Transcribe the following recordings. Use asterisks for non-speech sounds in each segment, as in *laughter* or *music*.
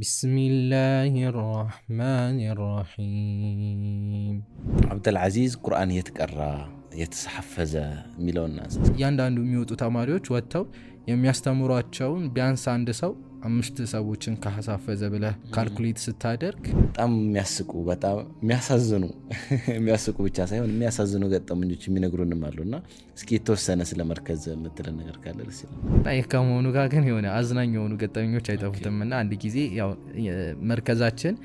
بسم الله الرحمن الرحيم عبد العزيز ቁርአን የተቀራ የተሐፈዘ የሚለውን እያንዳንዱ የሚወጡ ተማሪዎች ወጥተው የሚያስተምሯቸውን ቢያንስ አንድ ሰው አምስት ሰዎችን ካሳፈዘ ብለህ ካልኩሌት ስታደርግ በጣም የሚያስቁ በጣም የሚያሳዝኑ የሚያስቁ ብቻ ሳይሆን የሚያሳዝኑ ገጠመኞች የሚነግሩንም አሉ እና እስኪ የተወሰነ ስለ መርከዝ የምትለን ነገር ካለ ደስ ይላል። ይህ ከመሆኑ ጋር ግን የሆነ አዝናኝ የሆኑ ገጠመኞች አይጠፉትም እና አንድ ጊዜ ያው መርከዛችን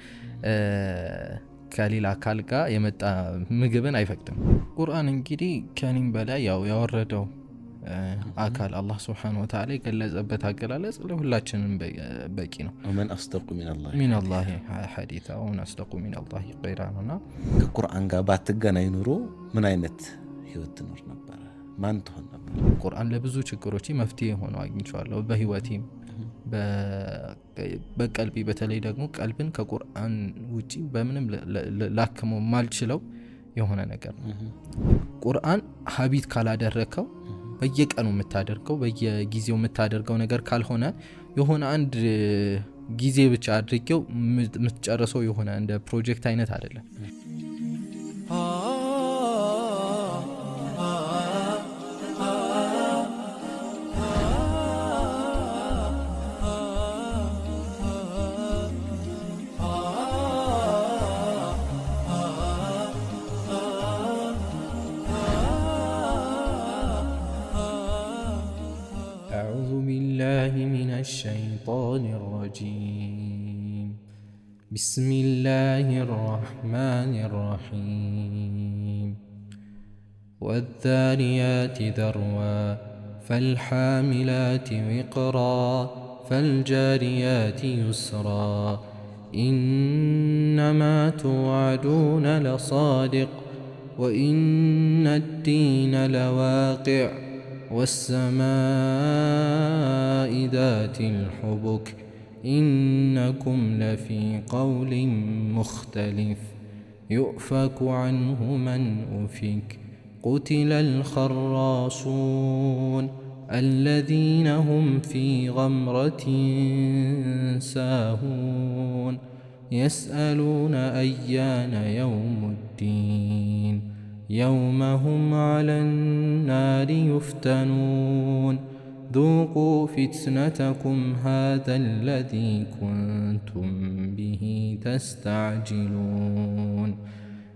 ከሌላ አካል ጋር የመጣ ምግብን አይፈቅድም። ቁርአን እንግዲህ ከኔም በላይ ያው ያወረደው አካል አላህ ስብሐነ ወተዓላ የገለጸበት አገላለጽ ለሁላችንም በቂ ነው። መን አስደቁ ሚነላሂ ሐዲታ ወመን አስደቁ ሚነላሂ ቀይላ ነው። ከቁርአን ጋር ባትገናኝ ኑሮ ምን አይነት ህይወት ትኖር ነበረ? ማን ትሆን ነበር? ቁርአን ለብዙ ችግሮች መፍትሄ ሆኖ አግኝቼዋለሁ በህይወቴም በቀልቢ በተለይ ደግሞ ቀልብን ከቁርአን ውጪ በምንም ላክመው ማልችለው የሆነ ነገር ነው። ቁርአን ሀቢት ካላደረከው በየቀኑ የምታደርገው በየጊዜው የምታደርገው ነገር ካልሆነ የሆነ አንድ ጊዜ ብቻ አድርጌው የምትጨርሰው የሆነ እንደ ፕሮጀክት አይነት አይደለም። بالله من الشيطان الرجيم بسم الله الرحمن الرحيم والذاريات ذروا فالحاملات وقرا فالجاريات يسرا إنما توعدون لصادق وإن الدين لواقع والسماء ذات الحبك إنكم لفي قول مختلف يؤفك عنه من أفك قتل الخراصون الذين هم في غمرة ساهون يسألون أيان يوم الدين يوم هم على النار يفتنون ذوقوا فتنتكم هذا الذي كنتم به تستعجلون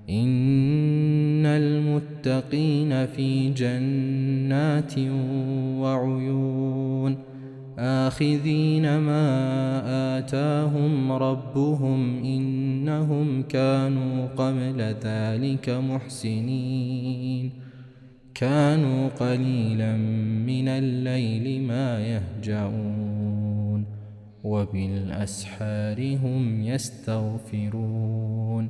ان المتقين في جنات وعيون آخذين ما آتاهم ربهم إنهم كانوا قبل ذلك محسنين كانوا قليلا من الليل ما يهجعون وبالأسحار هم يستغفرون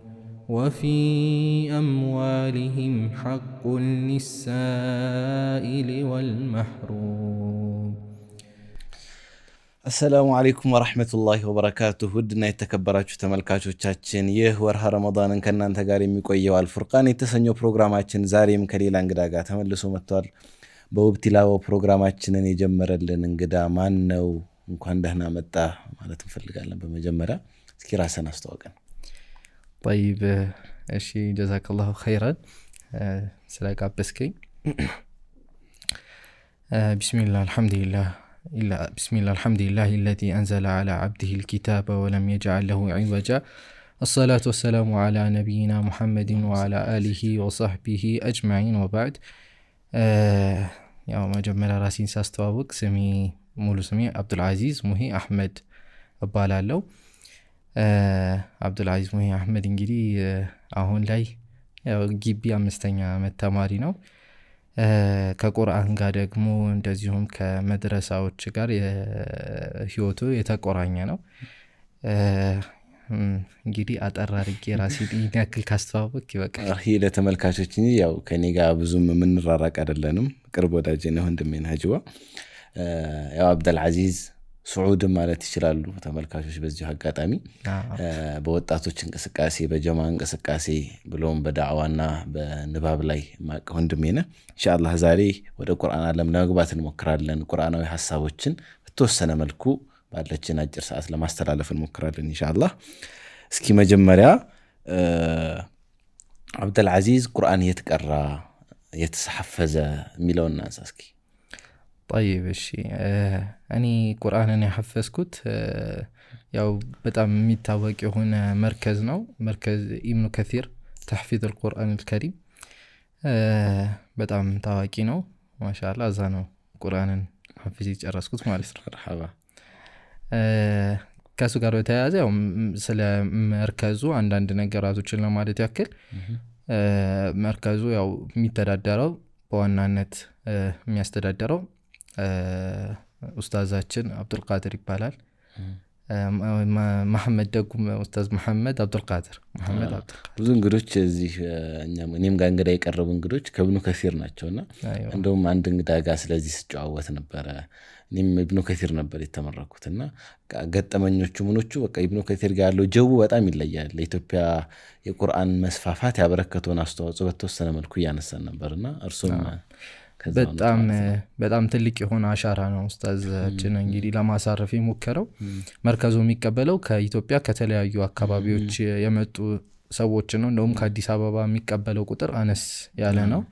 وفي أموالهم حق للسائل والمحروم አሰላሙ አለይኩም ወረሕመቱላሂ ወበረካቱ ውድና የተከበራችሁ ተመልካቾቻችን ይህ ወርሃ ረመዳንን ከእናንተ ጋር የሚቆየው አልፉርቃን የተሰኘው ፕሮግራማችን ዛሬም ከሌላ እንግዳ ጋር ተመልሶ መጥቷል። በውብ ቲላዋ ፕሮግራማችንን የጀመረልን እንግዳ ማን ነው? እንኳን ደህና መጣ ማለት እንፈልጋለን። በመጀመሪያ እስኪ ራስን አስተዋውቀን። ጠይብ፣ እሺ፣ ጀዛከላሁ ኸይረን ስለጋበዝከኝ። *clears throat* ቢስሚላህ አልሐምዱሊላህ إلا بسم الله الحمد لله الذي أنزل على عبده الكتاب ولم يجعل له عوجا الصلاة والسلام على نبينا محمد وعلى آله وصحبه أجمعين وبعد آه، يا ما جمل راسي ساس توابق سمي مولو سمي عبد العزيز مهي أحمد أبالالو آه عبد العزيز مهي أحمد إنجلي أهون لي ላይ ግቢ አምስተኛ ዓመት ተማሪ ከቁርአን ጋር ደግሞ እንደዚሁም ከመድረሳዎች ጋር ህይወቱ የተቆራኘ ነው። እንግዲህ አጠር አድርጌ ራሴን ያክል ካስተዋወቅ ይበቃል። ይህ ለተመልካቾች እንጂ ያው ከኔ ጋር ብዙም የምንራራቅ አደለንም ቅርብ ወዳጅ ነ ወንድሜን ሀጅዋ ያው አብደልዓዚዝ ስዑድን ማለት ይችላሉ ተመልካቾች። በዚሁ አጋጣሚ በወጣቶች እንቅስቃሴ፣ በጀማ እንቅስቃሴ ብሎም በዳዕዋና በንባብ ላይ ማቀ ወንድሜ ነህ። ኢንሻላህ ዛሬ ወደ ቁርአን ዓለም ለመግባት እንሞክራለን። ቁርአናዊ ሀሳቦችን በተወሰነ መልኩ ባለችን አጭር ሰዓት ለማስተላለፍ እንሞክራለን እንሻላ እስኪ መጀመሪያ ዓብደልዓዚዝ ቁርአን የተቀራ የተሐፈዘ የሚለውን እናንሳ እስኪ። ጠይብ እሺ እኔ ቁርአንን ያሐፈስኩት ያው በጣም የሚታወቅ የሆነ መርከዝ ነው። መርከዝ ኢብኑ ከሲር ተሕፊዝ ልቁርአን ልከሪም በጣም ታዋቂ ነው። ማሻላ እዛ ነው ቁርአንን ሐፊዝ የጨረስኩት ማለት ነው። ከእሱ ጋር በተያያዘ ያው ስለ መርከዙ አንዳንድ ነገራቶችን ለማለት ያክል መርከዙ ያው የሚተዳደረው በዋናነት የሚያስተዳደረው ኡስታዛችን አብዱልቃድር ይባላል። መሐመድ ደጉም ኡስታዝ መሐመድ አብዱልቃድር ብዙ እንግዶች እዚህ እኔም ጋር እንግዳ የቀረቡ እንግዶች ከብኑ ከሲር ናቸውና እንደውም አንድ እንግዳ ጋር ስለዚህ ስጨዋወት ነበረ። እኔም ኢብኑ ከሲር ነበር የተመረኩት እና ገጠመኞቹ ምኖቹ በቃ ኢብኑ ከሲር ጋር ያለው ጀቡ በጣም ይለያል። ለኢትዮጵያ የቁርአን መስፋፋት ያበረከተውን አስተዋጽኦ በተወሰነ መልኩ እያነሳን እና እርሱም በጣም በጣም ትልቅ የሆነ አሻራ ነው ኡስታዛችን እንግዲህ ለማሳረፍ የሞከረው። መርከዙ የሚቀበለው ከኢትዮጵያ ከተለያዩ አካባቢዎች የመጡ ሰዎች ነው። እንደውም ከአዲስ አበባ የሚቀበለው ቁጥር አነስ ያለ ነው።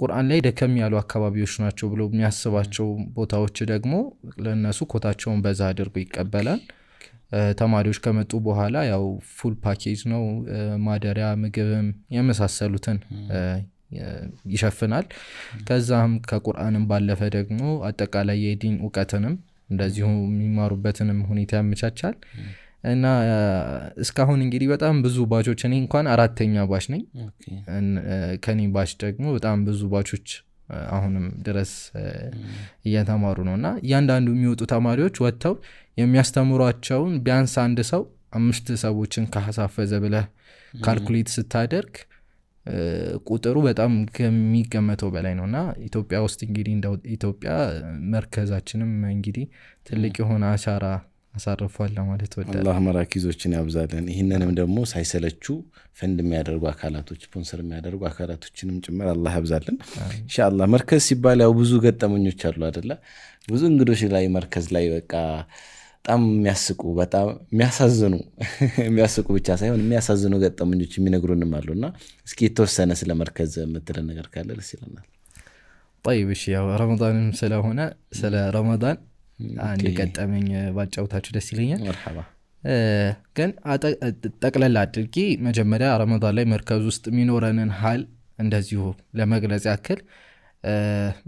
ቁርአን ላይ ደከም ያሉ አካባቢዎች ናቸው ብሎ የሚያስባቸው ቦታዎች ደግሞ ለእነሱ ኮታቸውን በዛ አድርጎ ይቀበላል። ተማሪዎች ከመጡ በኋላ ያው ፉል ፓኬጅ ነው ማደሪያ፣ ምግብም የመሳሰሉትን ይሸፍናል። ከዛም ከቁርአንም ባለፈ ደግሞ አጠቃላይ የዲን እውቀትንም እንደዚሁ የሚማሩበትንም ሁኔታ ያመቻቻል እና እስካሁን እንግዲህ በጣም ብዙ ባቾች እኔ እንኳን አራተኛ ባች ነኝ። ከኔ ባች ደግሞ በጣም ብዙ ባቾች አሁንም ድረስ እየተማሩ ነው እና እያንዳንዱ የሚወጡ ተማሪዎች ወጥተው የሚያስተምሯቸውን ቢያንስ አንድ ሰው አምስት ሰዎችን ካሳፈዘ ብለህ ካልኩሌት ስታደርግ ቁጥሩ በጣም ከሚገመተው በላይ ነው እና ኢትዮጵያ ውስጥ እንግዲህ እንደ ኢትዮጵያ መርከዛችንም እንግዲህ ትልቅ የሆነ አሻራ አሳርፏል ለማለት ወደ አላህ መራኪዞችን ያብዛለን። ይህንንም ደግሞ ሳይሰለቹ ፈንድ የሚያደርጉ አካላቶች ስፖንሰር የሚያደርጉ አካላቶችንም ጭምር አላህ ያብዛለን እንሻላ መርከዝ ሲባል ያው ብዙ ገጠመኞች አሉ አደለ? ብዙ እንግዶች ላይ መርከዝ ላይ በቃ በጣም የሚያስቁ በጣም የሚያሳዝኑ የሚያስቁ ብቻ ሳይሆን የሚያሳዝኑ ገጠመኞች የሚነግሩንም አሉ እና እስኪ የተወሰነ ስለ መርከዝ የምትለን ነገር ካለ ደስ ይለናል። ጠይብ እሺ፣ ያው ረመዳንም ስለሆነ ስለ ረመዳን አንድ ገጠመኝ ባጫውታችሁ ደስ ይለኛል። ግን ጠቅለል አድርጌ መጀመሪያ ረመዳን ላይ መርከዝ ውስጥ የሚኖረንን ሀል እንደዚሁ ለመግለጽ ያክል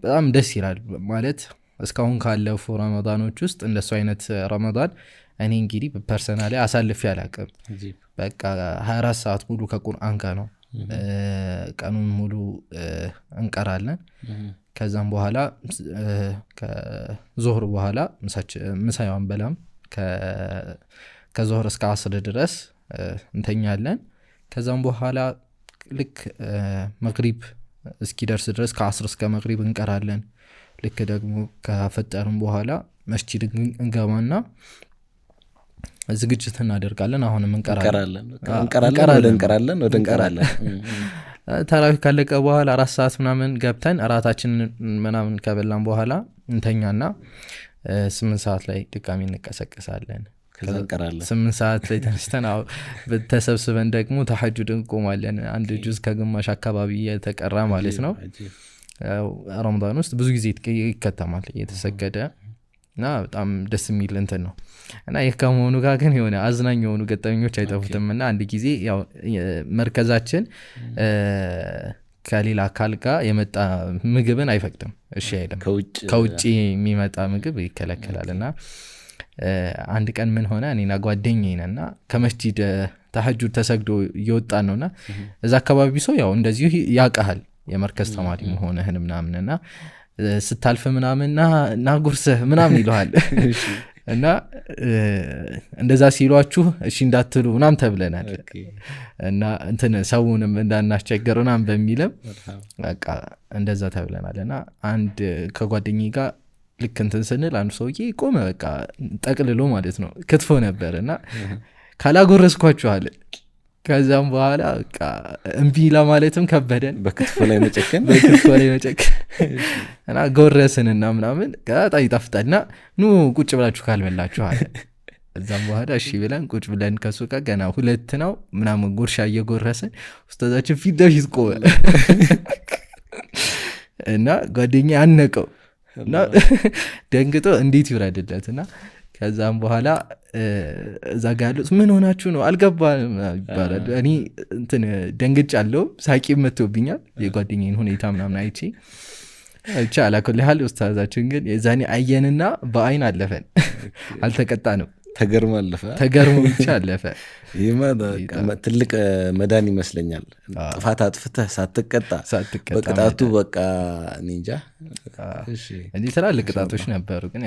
በጣም ደስ ይላል ማለት እስካሁን ካለፉ ረመዳኖች ውስጥ እንደሱ አይነት ረመዳን እኔ እንግዲህ ላይ አሳልፍ አላቅም። በቃ 24 ሰዓት ሙሉ ከቁርአን ጋር ነው ቀኑን ሙሉ እንቀራለን። ከዛም በኋላ ከዞህር በኋላ ምሳዬን በላም። ከዞህር እስከ አስር ድረስ እንተኛለን። ከዛም በኋላ ልክ መግሪብ እስኪደርስ ድረስ ከአስር እስከ መግሪብ እንቀራለን። ልክ ደግሞ ከፈጠርም በኋላ መስጂድ እንገባና ዝግጅት እናደርጋለን። አሁንም እንቀራለን እንቀራለን ወደ እንቀራለን። ተራዊህ ካለቀ በኋላ አራት ሰዓት ምናምን ገብተን እራታችንን ምናምን ከበላን በኋላ እንተኛና ስምንት ሰዓት ላይ ድጋሚ እንቀሰቀሳለን። ስምንት ሰዓት ላይ ተነስተን ተሰብስበን ደግሞ ተሐጁድ እንቆማለን። አንድ ጁዝ ከግማሽ አካባቢ የተቀራ ማለት ነው። ረመዳን ውስጥ ብዙ ጊዜ ይከተማል እየተሰገደ እና በጣም ደስ የሚል እንትን ነው እና ይህ ከመሆኑ ጋር ግን የሆነ አዝናኝ የሆኑ ገጠመኞች አይጠፉትም እና አንድ ጊዜ ያው መርከዛችን ከሌላ አካል ጋር የመጣ ምግብን አይፈቅድም። እሺ አይልም። ከውጭ የሚመጣ ምግብ ይከለከላል። እና አንድ ቀን ምን ሆነ እኔና ጓደኝ ነን እና ከመስጂድ ተሐጁድ ተሰግዶ እየወጣ ነው እና እዛ አካባቢ ሰው ያው እንደዚሁ ያቀሃል የመርከዝ ተማሪ መሆንህን ምናምንና ስታልፍ ምናምን ና ጉርስህ ምናምን ይለዋል *laughs* እና እንደዛ ሲሏችሁ እሺ እንዳትሉ ምናም ተብለናል እና እንትን ሰውንም እንዳናስቸገር ናም በሚልም በቃ እንደዛ ተብለናል እና አንድ ከጓደኝ ጋር ልክ እንትን ስንል አንዱ ሰውዬ ቆመ በቃ ጠቅልሎ ማለት ነው ክትፎ ነበር እና ካላጎረስኳችኋል ከዛም በኋላ በቃ እምቢ ለማለትም ከበደን፣ በክትፎ ላይ መጨከን *laughs* በክትፎ ላይ መጨከን እና ጎረስን እና ምናምን ከጣ ይጣፍጣል እና ኑ ቁጭ ብላችሁ ካልበላችሁ አለ። እዛም በኋላ እሺ ብለን ቁጭ ብለን ከሱ ጋር ገና ሁለት ነው ምናምን ጉርሻ እየጎረስን ውስተዛችን ፊት ለፊት ቆመ እና ጓደኛ አነቀው እና ደንግጦ እንዴት ይውረድለት እና ከዛም በኋላ እዛ ጋ ያሉት ምን ሆናችሁ ነው አልገባም ይባላል። እኔ እንትን አለው ሳቂ መቶብኛል። የጓደኛን ሁኔታ ምናምን አይቼ ብቻ አላኮልሃል። ውስታዛችን ግን የዛኔ አየንና በአይን አለፈን፣ አልተቀጣ ነው ተገርሞ አለፈ። ተገርሞ ብቻ አለፈ። ትልቅ መዳን ይመስለኛል። ጥፋት አጥፍተህ ሳትቀጣ በቅጣቱ በቃ ኒንጃ እንጂ ትላልቅ ቅጣቶች ነበሩ፣ ግን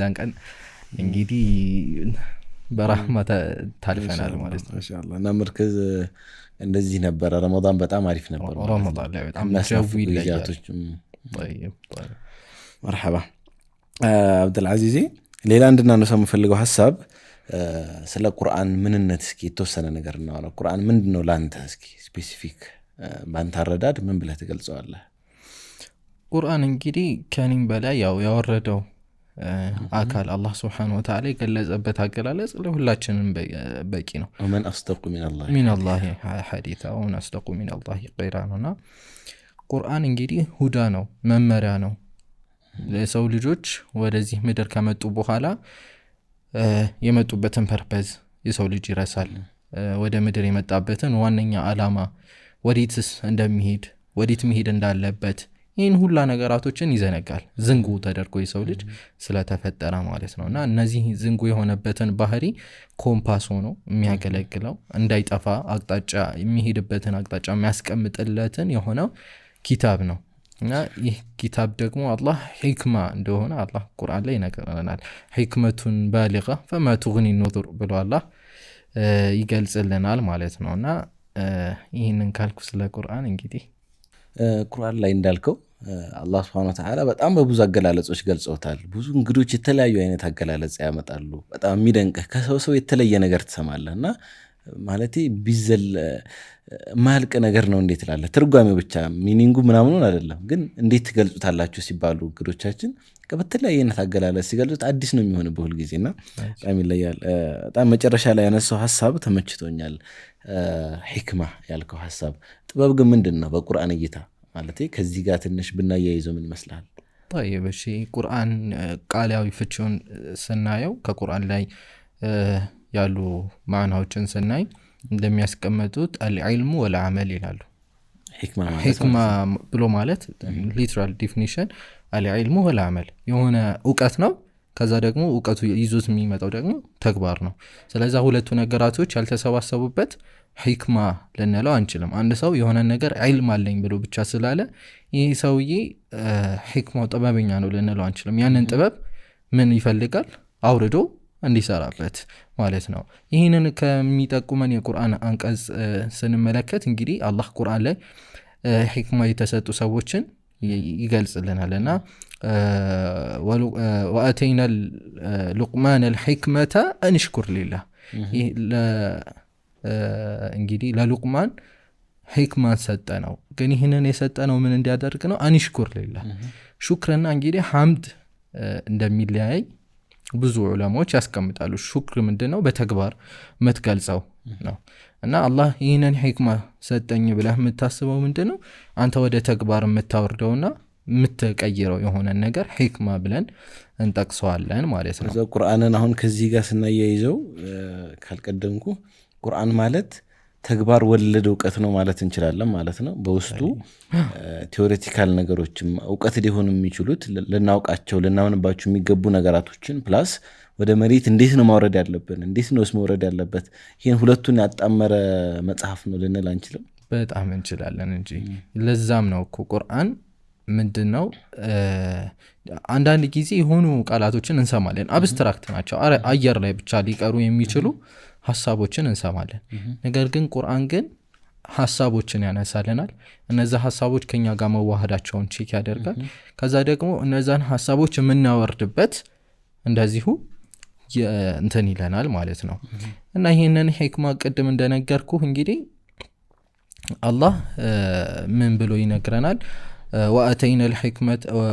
ዛን ቀን እንግዲህ በራህማ ታልፈናል ማለት ነው። እና ምርክዝ እንደዚህ ነበረ። ረመን በጣም አሪፍ ነበር። ረመዳን ላይ በጣም ሌላ እንድናነሳ የምፈልገው ሀሳብ ስለ ቁርአን ምንነት እስኪ የተወሰነ ነገር እናወራ። ቁርአን ምንድን ነው ለአንተ? እስኪ ስፔሲፊክ በአንተ አረዳድ ምን ብለህ ትገልጸዋለህ? ቁርአን እንግዲህ ከኒም በላይ ያው ያወረደው አካል አላህ ስብሐነ ወተዓላ የገለጸበት አገላለጽ ለሁላችንም በቂ ነው። ወመን አስደቁ ሚነላሂ ሐዲሳ ወመን አስደቁ ሚነላሂ ቀይላ ነው እና ቁርአን እንግዲህ ሁዳ ነው፣ መመሪያ ነው ለሰው ልጆች ወደዚህ ምድር ከመጡ በኋላ የመጡበትን ፐርፐዝ የሰው ልጅ ይረሳል። ወደ ምድር የመጣበትን ዋነኛ አላማ ወዴትስ እንደሚሄድ ወዴት መሄድ እንዳለበት ይህን ሁላ ነገራቶችን ይዘነጋል። ዝንጉ ተደርጎ የሰው ልጅ ስለተፈጠረ ማለት ነው። እና እነዚህ ዝንጉ የሆነበትን ባህሪ ኮምፓስ ሆኖ የሚያገለግለው እንዳይጠፋ አቅጣጫ የሚሄድበትን አቅጣጫ የሚያስቀምጥለትን የሆነው ኪታብ ነው። እና ይህ ኪታብ ደግሞ አላህ ሂክማ እንደሆነ አላ ቁርአን ላይ ይነገረናል ሕክመቱን ባሊቃ ፈማ ቱግኒ ብሎ አላ ይገልጽልናል ማለት ነው። እና ይህንን ካልኩ ስለ ቁርአን እንግዲህ ቁርአን ላይ እንዳልከው አላህ ስብሐነ ወተዓላ በጣም በብዙ አገላለጾች ገልጸውታል። ብዙ እንግዶች የተለያዩ አይነት አገላለጽ ያመጣሉ። በጣም የሚደንቅህ ከሰው ሰው የተለየ ነገር ትሰማለህ እና ማለት ቢዘል ማልቅ ነገር ነው። እንዴት ላለ ትርጓሜው ብቻ ሚኒንጉ ምናምኑን አይደለም፣ ግን እንዴት ትገልጹታላችሁ ሲባሉ እንግዶቻችን በተለያየ አይነት አገላለጽ ሲገልጹት አዲስ ነው የሚሆን በሁል ጊዜ እና በጣም ይለያል። በጣም መጨረሻ ላይ ያነሳው ሀሳብ ተመችቶኛል። ሂክማ ያልከው ሀሳብ ጥበብ ግን ምንድን ነው በቁርአን እይታ ማለት ከዚህ ጋር ትንሽ ብናያይዘው ምን ይመስላል? ይብ ቁርአን ቃላዊ ፍቺውን ስናየው ከቁርአን ላይ ያሉ ማዕናዎችን ስናይ እንደሚያስቀምጡት አልዕልሙ ወለአመል ይላሉ። ሂክማ ብሎ ማለት ሊትራል ዲፊኒሽን አልዕልሙ ወለአመል የሆነ እውቀት ነው። ከዛ ደግሞ እውቀቱ ይዞት የሚመጣው ደግሞ ተግባር ነው። ስለዛ ሁለቱ ነገራቶች ያልተሰባሰቡበት ሂክማ ልንለው አንችልም። አንድ ሰው የሆነ ነገር ዕልም አለኝ ብሎ ብቻ ስላለ ይህ ሰውዬ ሂክማው ጥበበኛ ነው ልንለው አንችልም። ያንን ጥበብ ምን ይፈልጋል አውርዶ እንዲሰራበት ማለት ነው። ይህንን ከሚጠቁመን የቁርአን አንቀጽ ስንመለከት እንግዲህ አላህ ቁርአን ላይ ሂክማ የተሰጡ ሰዎችን ይገልጽልናል እና ወአተይና ሉቅማን ልሕክመተ አንሽኩር ሊላህ እንግዲህ ለሉቅማን ሂክማን ሰጠ ነው። ግን ይህንን የሰጠ ነው ምን እንዲያደርግ ነው? አንሽኩር ሊላህ ሹክርና እንግዲህ ሐምድ እንደሚለያይ ብዙ ዑለማዎች ያስቀምጣሉ። ሹክር ምንድን ነው? በተግባር የምትገልጸው ነው እና አላህ ይህንን ሂክማ ሰጠኝ ብለህ የምታስበው ምንድን ነው? አንተ ወደ ተግባር የምታወርደውና የምትቀይረው የሆነ ነገር ሂክማ ብለን እንጠቅሰዋለን ማለት ነው። ቁርአንን አሁን ከዚህ ጋር ስናያይዘው ካልቀደምኩ ቁርአን ማለት ተግባር ወለድ እውቀት ነው ማለት እንችላለን ማለት ነው። በውስጡ ቴዎሬቲካል ነገሮችም እውቀት ሊሆኑ የሚችሉት ልናውቃቸው ልናምንባቸው የሚገቡ ነገራቶችን ፕላስ ወደ መሬት እንዴት ነው ማውረድ ያለብን፣ እንዴት ነውስ መውረድ ያለበት፣ ይህን ሁለቱን ያጣመረ መጽሐፍ ነው ልንል አንችልም። በጣም እንችላለን እንጂ ለዛም ነው እኮ ቁርአን ምንድን ነው አንዳንድ ጊዜ የሆኑ ቃላቶችን እንሰማለን። አብስትራክት ናቸው፣ አየር ላይ ብቻ ሊቀሩ የሚችሉ ሀሳቦችን እንሰማለን። ነገር ግን ቁርአን ግን ሀሳቦችን ያነሳልናል። እነዛ ሀሳቦች ከኛ ጋር መዋህዳቸውን ቼክ ያደርጋል። ከዛ ደግሞ እነዛን ሀሳቦች የምናወርድበት እንደዚሁ እንትን ይለናል ማለት ነው እና ይህንን ሂክማ ቅድም እንደነገርኩ እንግዲህ አላህ ምን ብሎ ይነግረናል?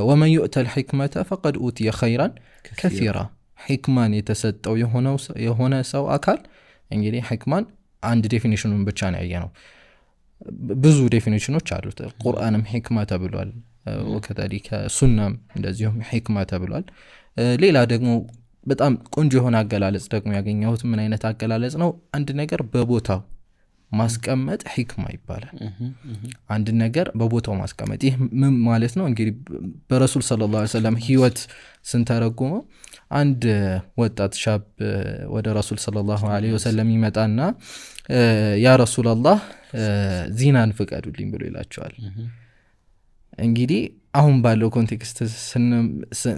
ወመን ዩእተ ልሕክመተ ፈቀድ ኡትየ ኸይራን ከሲራ ሕክማን የተሰጠው የሆነ ሰው አካል እንግዲህ ሕክማን አንድ ዴፊኒሽኑን ብቻ ነው ያየ ነው። ብዙ ዴፊኒሽኖች አሉት። ቁርአንም ሕክማ ተብሏል። ወከዛሊከ ሱናም እንደዚሁም ሕክማ ተብሏል። ሌላ ደግሞ በጣም ቆንጆ የሆነ አገላለጽ ደግሞ ያገኘሁት ምን አይነት አገላለጽ ነው? አንድ ነገር በቦታው ማስቀመጥ ሂክማ ይባላል። አንድ ነገር በቦታው ማስቀመጥ። ይህ ምን ማለት ነው? እንግዲህ በረሱል ስለ ላ ሰለም ህይወት ስንተረጉመው አንድ ወጣት ሻብ ወደ ረሱል ሰለላሁ ዐለይሂ ወሰለም ይመጣና ያ ረሱላላህ ዚናን ፍቀዱልኝ ብሎ ይላቸዋል። እንግዲህ አሁን ባለው ኮንቴክስት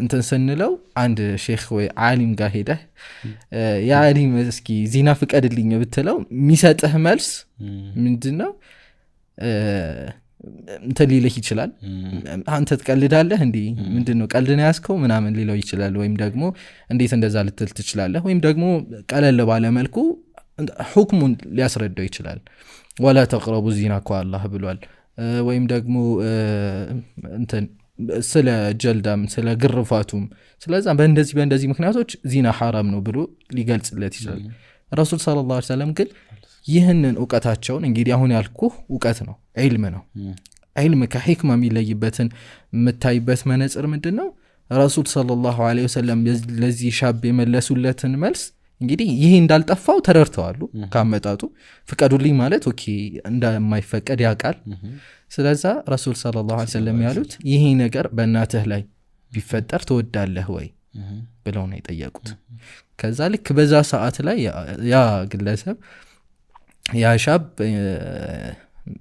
እንትን ስንለው አንድ ሼክ ወይ አሊም ጋር ሄደህ የአሊም እስኪ ዜና ፍቀድልኝ ብትለው የሚሰጥህ መልስ ምንድን ነው? እንትን ሊልህ ይችላል። አንተ ትቀልዳለህ እንዲህ ምንድን ነው ቀልድ ምናምን ሊለው ይችላል። ወይም ደግሞ እንዴት እንደዛ ልትል ትችላለህ። ወይም ደግሞ ቀለል ባለ መልኩ ሁክሙን ሊያስረዳው ይችላል። ወላ ተቅረቡ ዚና ኳ አላህ ብሏል ወይም ደግሞ እንትን ስለ ጀልዳም ስለ ግርፋቱም ስለዛ በእንደዚህ በእንደዚህ ምክንያቶች ዚና ሐራም ነው ብሎ ሊገልጽለት ይችላል። ረሱል ሰለላሁ ላ ሰለም ግን ይህንን እውቀታቸውን እንግዲህ አሁን ያልኩ እውቀት ነው፣ ዒልም ነው። ዒልም ከሕክማ የሚለይበትን የምታይበት መነጽር ምንድን ነው? ረሱል ሰለላሁ ለ ወሰለም ለዚህ ሻብ የመለሱለትን መልስ እንግዲህ ይሄ እንዳልጠፋው ተረድተዋሉ ከአመጣጡ ፍቀዱልኝ ማለት ኦኬ እንደማይፈቀድ ያውቃል ስለዛ ረሱል ሰለላሁ ላ ያሉት ይሄ ነገር በእናትህ ላይ ቢፈጠር ትወዳለህ ወይ ብለው ነው የጠየቁት ከዛ ልክ በዛ ሰዓት ላይ ያ ግለሰብ ያሻብ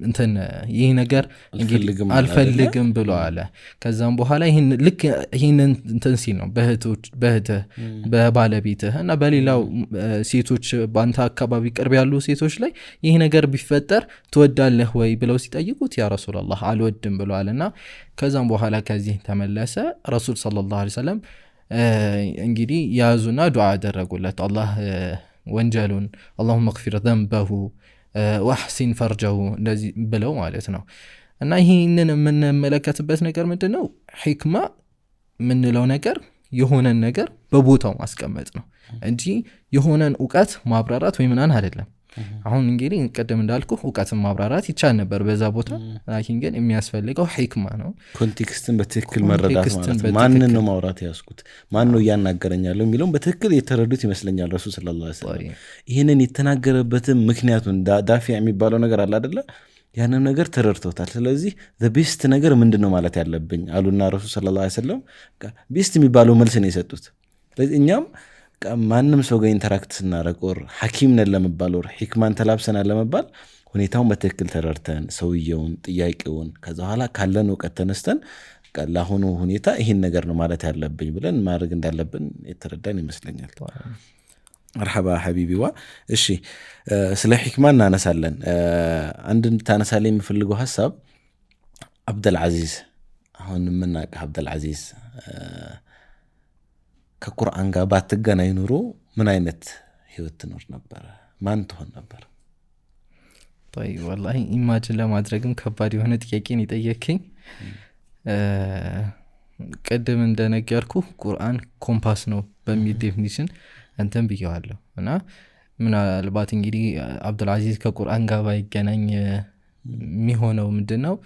እንትን ይህ ነገር አልፈልግም ብሎ አለ። ከዛም በኋላ ልክ ይህንን እንትን ሲል ነው በእህትህ በባለቤትህ እና በሌላው ሴቶች በአንተ አካባቢ ቅርብ ያሉ ሴቶች ላይ ይህ ነገር ቢፈጠር ትወዳለህ ወይ ብለው ሲጠይቁት ያ ረሱላላህ አልወድም ብለዋል እና ከዛም በኋላ ከዚህ ተመለሰ ረሱል ሰለላሁ ዐለይሂ ወሰለም እንግዲህ ያዙና ዱዓ አደረጉለት አላህ ወንጀሉን አላሁመ ግፊር ዘንበሁ ዋሕሲን ፈርጀው እንደዚህ ብለው ማለት ነው። እና ይህንን የምንመለከትበት ነገር ምንድን ነው? ሒክማ የምንለው ነገር የሆነን ነገር በቦታው ማስቀመጥ ነው እንጂ የሆነን እውቀት ማብራራት ወይ ምናን አይደለም። አሁን እንግዲህ ቅድም እንዳልኩ እውቀትን ማብራራት ይቻል ነበር በዛ ቦታ ላኪን ግን የሚያስፈልገው ሂክማ ነው። ኮንቴክስትን በትክክል መረዳት ነው። ማንን ነው ማውራት ያስኩት ማን ነው እያናገረኛለሁ የሚለውን በትክክል የተረዱት ይመስለኛል ረሱ ስለ ላ ወሰለም። ይህንን የተናገረበትን ምክንያቱን ዳፊያ የሚባለው ነገር አለ አደለ ያንን ነገር ተረድተውታል። ስለዚህ ቤስት ነገር ምንድን ነው ማለት ያለብኝ አሉና ረሱ ስለ ላ ቤስት የሚባለው መልስ ነው የሰጡት። እኛም ማንም ሰው ጋር ኢንተራክት ስናደረግ ኦር ሐኪም ነን ለመባል ኦር ሂክማን ተላብሰናል ለመባል ሁኔታውን በትክክል ተረድተን ሰውየውን፣ ጥያቄውን ከዛ በኋላ ካለን እውቀት ተነስተን ለአሁኑ ሁኔታ ይህን ነገር ነው ማለት ያለብኝ ብለን ማድረግ እንዳለብን የተረዳን ይመስለኛል። መርሐባ ሐቢቢዋ። እሺ ስለ ሂክማ እናነሳለን። አንድ ታነሳለ የምፈልገው ሀሳብ አብደልዓዚዝ አሁን የምናውቅ አብደልዓዚዝ ከቁርአን ጋር ባትገናኝ ኑሮ ምን አይነት ህይወት ትኖር ነበረ? ማን ትሆን ነበር? ይ ኢማጅን ለማድረግም ከባድ የሆነ ጥያቄን የጠየቅኝ። ቅድም እንደነገርኩ ቁርአን ኮምፓስ ነው በሚል ዴፊኒሽን እንትን ብየዋለሁ እና ምናልባት እንግዲህ አብዱልአዚዝ ከቁርአን ጋር ባይገናኝ የሚሆነው ምንድን ነው?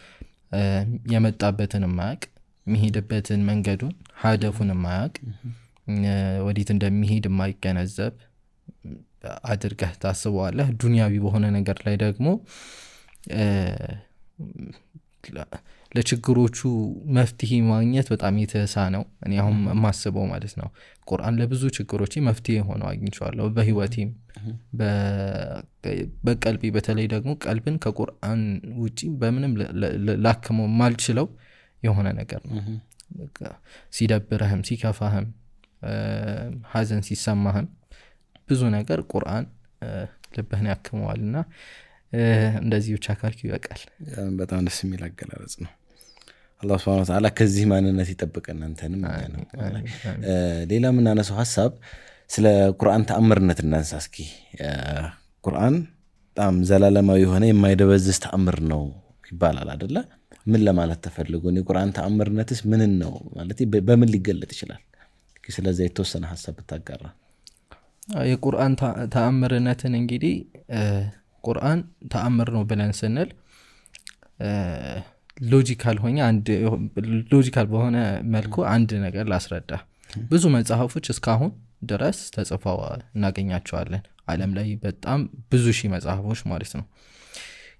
የመጣበትን ማያቅ የሚሄድበትን መንገዱን ሀደፉን ማያቅ ወዴት እንደሚሄድ የማይገነዘብ አድርገህ ታስበዋለህ። ዱንያዊ በሆነ ነገር ላይ ደግሞ ለችግሮቹ መፍትሄ ማግኘት በጣም የተሳ ነው። እኔ አሁን የማስበው ማለት ነው ቁርአን ለብዙ ችግሮች መፍትሄ የሆነው አግኝቸዋለሁ በህይወቴም በቀልቤ በተለይ ደግሞ ቀልብን ከቁርአን ውጪ በምንም ላክመው ማልችለው የሆነ ነገር ነው። ሲደብረህም ሲከፋህም ሀዘን ሲሰማህም ብዙ ነገር ቁርአን ልብህን ያክመዋል እና እንደዚህ ብቻ ካልክ ይበቃል። በጣም ደስ የሚል አገላለጽ ነው። አላ ስብን ታላ ከዚህ ማንነት ይጠብቀን እናንተንም። ሌላ የምናነሰው ሀሳብ ስለ ቁርአን ተአምርነት እናንሳ እስኪ። ቁርአን በጣም ዘላለማዊ የሆነ የማይደበዝዝ ተአምር ነው ይባላል አደለ? ምን ለማለት ተፈልጎ የቁርአን ተአምርነትስ ምንን ነው ማለት በምን ሊገለጥ ይችላል? ስለዚ የተወሰነ ሀሳብ ብታጋራ። የቁርአን ተአምርነትን እንግዲህ ቁርአን ተአምር ነው ብለን ስንል ሎጂካል ሆኜ ሎጂካል በሆነ መልኩ አንድ ነገር ላስረዳ። ብዙ መጽሐፎች እስካሁን ድረስ ተጽፈው እናገኛቸዋለን። አለም ላይ በጣም ብዙ ሺህ መጽሐፎች ማለት ነው።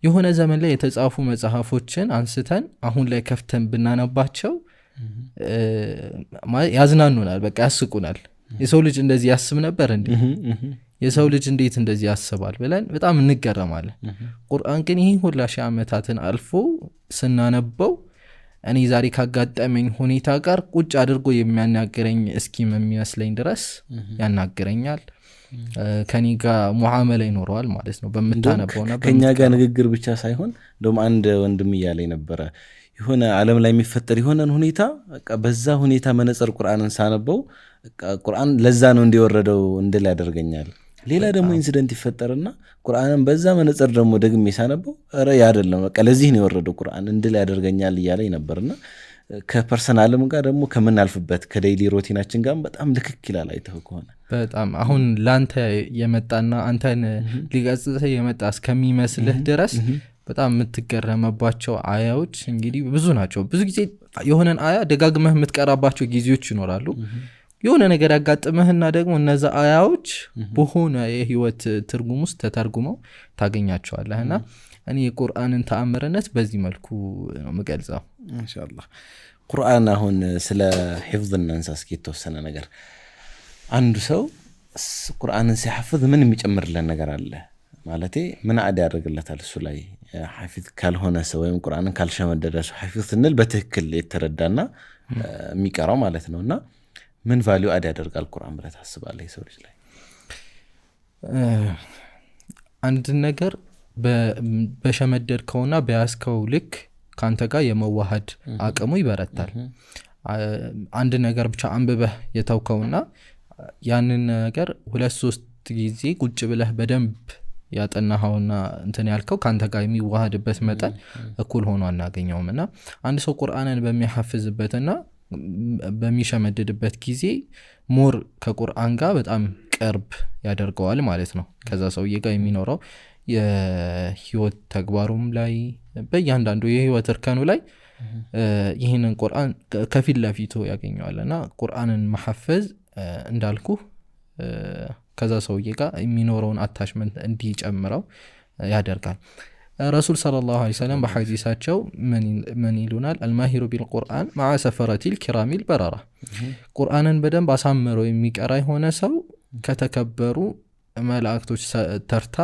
የሆነ ዘመን ላይ የተጻፉ መጽሐፎችን አንስተን አሁን ላይ ከፍተን ብናነባቸው ያዝናኑናል፣ በቃ ያስቁናል። የሰው ልጅ እንደዚህ ያስብ ነበር እንዲ የሰው ልጅ እንዴት እንደዚህ ያስባል ብለን በጣም እንገረማለን። ቁርአን ግን ይህን ሁላ ሺህ ዓመታትን አልፎ ስናነበው እኔ ዛሬ ካጋጠመኝ ሁኔታ ጋር ቁጭ አድርጎ የሚያናግረኝ እስኪም የሚመስለኝ ድረስ ያናግረኛል። ከኔ ጋር ሙዓመላ ይኖረዋል ማለት ነው። በምታነበውና ከኛ ጋር ንግግር ብቻ ሳይሆን እንደም አንድ ወንድም እያለ ነበረ የሆነ ዓለም ላይ የሚፈጠር የሆነን ሁኔታ በዛ ሁኔታ መነጽር ቁርአንን ሳነበው ቁርአን ለዛ ነው እንዲወረደው እንድል ያደርገኛል። ሌላ ደግሞ ኢንሲደንት ይፈጠርና ቁርአንን በዛ መነጽር ደግሞ ደግሜ ሳነበው ኧረ ያደለም አይደለም በቃ ለዚህ ነው የወረደው ቁርአን እንድል ያደርገኛል እያለኝ ነበርና ከፐርሰናልም ጋር ደግሞ ከምናልፍበት ከደይሊ ሮቲናችን ጋር በጣም ልክክ ይላል። አይተው ከሆነ በጣም አሁን ለአንተ የመጣና አንተን ሊቀጽጽህ የመጣ እስከሚመስልህ ድረስ በጣም የምትገረመባቸው አያዎች እንግዲህ ብዙ ናቸው። ብዙ ጊዜ የሆነን አያ ደጋግመህ የምትቀራባቸው ጊዜዎች ይኖራሉ። የሆነ ነገር ያጋጥመህና ደግሞ እነዛ አያዎች በሆነ የህይወት ትርጉም ውስጥ ተተርጉመው ታገኛቸዋለህ እና እኔ የቁርአንን ተአምርነት በዚህ መልኩ ነው የምገልጸው። ኢንሻላህ ቁርአን አሁን ስለ ሒፍዝ እናንሳ እስኪ የተወሰነ ነገር። አንዱ ሰው ቁርአንን ሲያፍዝ ምን የሚጨምርለን ነገር አለ? ማለቴ ምን አድ ያደርግለታል እሱ ላይ ሐፊዝ ካልሆነ ሰው ወይም ቁርአንን ካልሸመደደ ሰው ሐፊዝ ስንል በትክክል የተረዳና የሚቀራው ማለት ነው እና ምን ቫሊዩ አድ ያደርጋል ቁርአን ብለህ ታስባለህ የሰው ልጅ ላይ? አንድን ነገር በሸመደድከውና በያዝከው ልክ ከአንተ ጋር የመዋሃድ አቅሙ ይበረታል። አንድ ነገር ብቻ አንብበህ የተውከውና ያንን ነገር ሁለት ሶስት ጊዜ ቁጭ ብለህ በደንብ ያጠናኸውና እንትን ያልከው ከአንተ ጋር የሚዋሃድበት መጠን እኩል ሆኖ አናገኘውም እና አንድ ሰው ቁርአንን በሚያሐፍዝበትና በሚሸመድድበት ጊዜ ሞር ከቁርአን ጋር በጣም ቅርብ ያደርገዋል ማለት ነው ከዛ ሰውዬ ጋር የሚኖረው የህይወት ተግባሩም ላይ በእያንዳንዱ የህይወት እርከኑ ላይ ይህንን ቁርአን ከፊት ለፊቱ ያገኘዋል እና ቁርአንን መሐፈዝ እንዳልኩ ከዛ ሰውዬ ጋር የሚኖረውን አታችመንት እንዲጨምረው ያደርጋል። ረሱል ሰለላሁ ዐለይሂ ወሰለም በሐዲሳቸው ምን ይሉናል? አልማሂሩ ቢልቁርአን መዓ ሰፈረቲል ኪራሚል በረራ። ቁርአንን በደንብ አሳምረው የሚቀራ የሆነ ሰው ከተከበሩ መላእክቶች ተርታ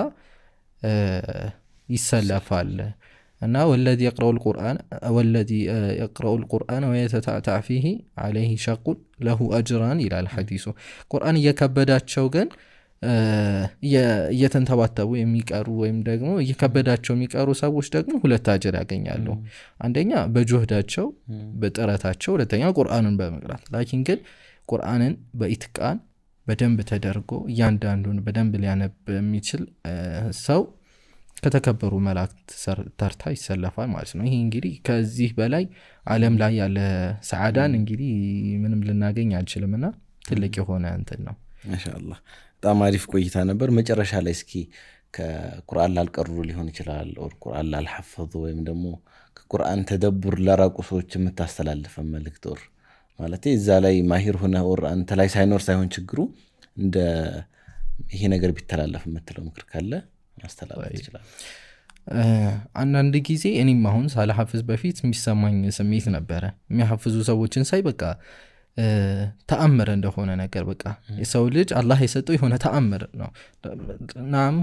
ይሰለፋል። እና ወለዚ የቅረው ልቁርአን ወየተታዕታዕ ፊሂ ዓለይህ ሸቁን ለሁ አጅራን ይላል ሐዲሱ። ቁርአን እየከበዳቸው ግን እየተንተባተቡ የሚቀሩ ወይም ደግሞ እየከበዳቸው የሚቀሩ ሰዎች ደግሞ ሁለት አጀር ያገኛሉ። አንደኛ በጆህዳቸው በጥረታቸው፣ ሁለተኛ ቁርአኑን በመቅራት ላኪን ግን ቁርአንን በኢትቃን በደንብ ተደርጎ እያንዳንዱን በደንብ ሊያነብ የሚችል ሰው ከተከበሩ መላእክት ተርታ ይሰለፋል ማለት ነው። ይሄ እንግዲህ ከዚህ በላይ ዓለም ላይ ያለ ሰዓዳን እንግዲህ ምንም ልናገኝ አልችልምና ትልቅ የሆነ እንትን ነው። ማሻአላህ በጣም አሪፍ ቆይታ ነበር። መጨረሻ ላይ እስኪ ከቁርአን ላልቀሩ ሊሆን ይችላል ኦር ቁርአን ላልሐፈዙ ወይም ደግሞ ከቁርአን ተደቡር ለራቁ ሰዎች የምታስተላልፈ መልእክት ኦር ማለት እዛ ላይ ማሂር ሆነ ኦር አንተ ላይ ሳይኖር ሳይሆን ችግሩ እንደ ይሄ ነገር ቢተላለፍ የምትለው ምክር ካለ ያስተላልፍ ይችላል። አንዳንድ ጊዜ እኔም አሁን ሳለሐፍዝ በፊት የሚሰማኝ ስሜት ነበረ። የሚያሐፍዙ ሰዎችን ሳይ በቃ ተአምር እንደሆነ ነገር በቃ የሰው ልጅ አላህ የሰጠው የሆነ ተአምር ነው። ናም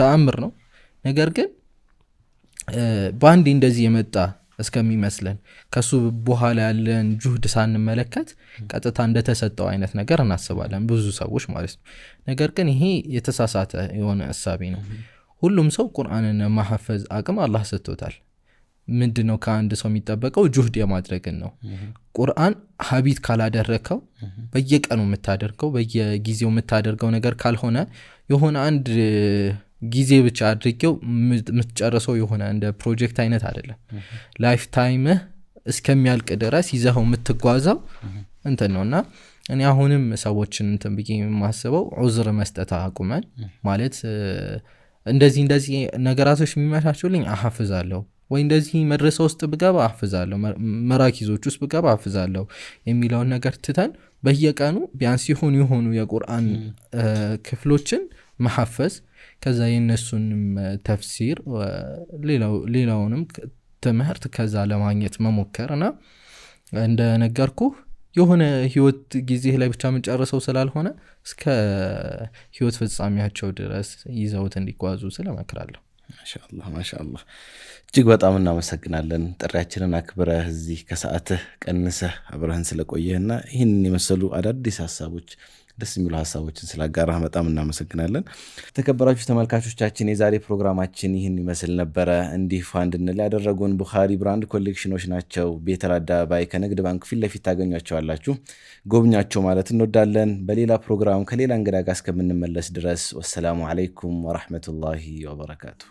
ተአምር ነው። ነገር ግን በአንዴ እንደዚህ የመጣ እስከሚመስለን ከሱ በኋላ ያለን ጁህድ ሳንመለከት ቀጥታ እንደተሰጠው አይነት ነገር እናስባለን ብዙ ሰዎች ማለት ነው። ነገር ግን ይሄ የተሳሳተ የሆነ እሳቤ ነው። ሁሉም ሰው ቁርአንን ማሐፈዝ አቅም አላህ ሰጥቶታል። ምንድ ነው ከአንድ ሰው የሚጠበቀው? ጁህድ የማድረግን ነው። ቁርአን ሀቢት ካላደረከው በየቀኑ የምታደርገው በየጊዜው የምታደርገው ነገር ካልሆነ የሆነ አንድ ጊዜ ብቻ አድርጌው የምትጨርሰው የሆነ እንደ ፕሮጀክት አይነት አይደለም። ላይፍ ታይምህ እስከሚያልቅ ድረስ ይዘኸው የምትጓዘው እንትን ነው እና እኔ አሁንም ሰዎችን እንትን ብ የማስበው ዑዝር መስጠት አቁመን ማለት እንደዚህ እንደዚህ ነገራቶች የሚመቻችሁልኝ አሐፍዛለሁ ወይ እንደዚህ መድረሰ ውስጥ ብገባ አፍዛለሁ መራኪዞች ውስጥ ብገባ አፍዛለሁ የሚለውን ነገር ትተን በየቀኑ ቢያንስ የሆኑ የሆኑ የቁርአን ክፍሎችን መሐፈዝ ከዛ የእነሱንም ተፍሲር ሌላውንም ትምህርት ከዛ ለማግኘት መሞከር እና እንደነገርኩህ የሆነ ህይወት ጊዜ ላይ ብቻ የምንጨርሰው ስላልሆነ እስከ ህይወት ፍጻሜያቸው ድረስ ይዘውት እንዲጓዙ ስለመክራለሁ። ማሻላ ማሻላ፣ እጅግ በጣም እናመሰግናለን። ጥሪያችንን አክብረ እዚህ ከሰአትህ ቀንሰህ አብረህን ስለቆየህና ይህንን የመሰሉ አዳዲስ ሀሳቦች ደስ የሚሉ ሀሳቦችን ስላጋራህ በጣም እናመሰግናለን። የተከበራችሁ ተመልካቾቻችን የዛሬ ፕሮግራማችን ይህን ይመስል ነበረ። እንዲህ ፋ እንድንል ያደረጉን ቡኻሪ ብራንድ ኮሌክሽኖች ናቸው። ቤተር አደባባይ ከንግድ ባንክ ፊት ለፊት ታገኟቸዋላችሁ። ጎብኛቸው ማለት እንወዳለን። በሌላ ፕሮግራም ከሌላ እንግዳ ጋር እስከምንመለስ ድረስ ወሰላሙ አለይኩም ወረሕመቱላሂ ወበረካቱ።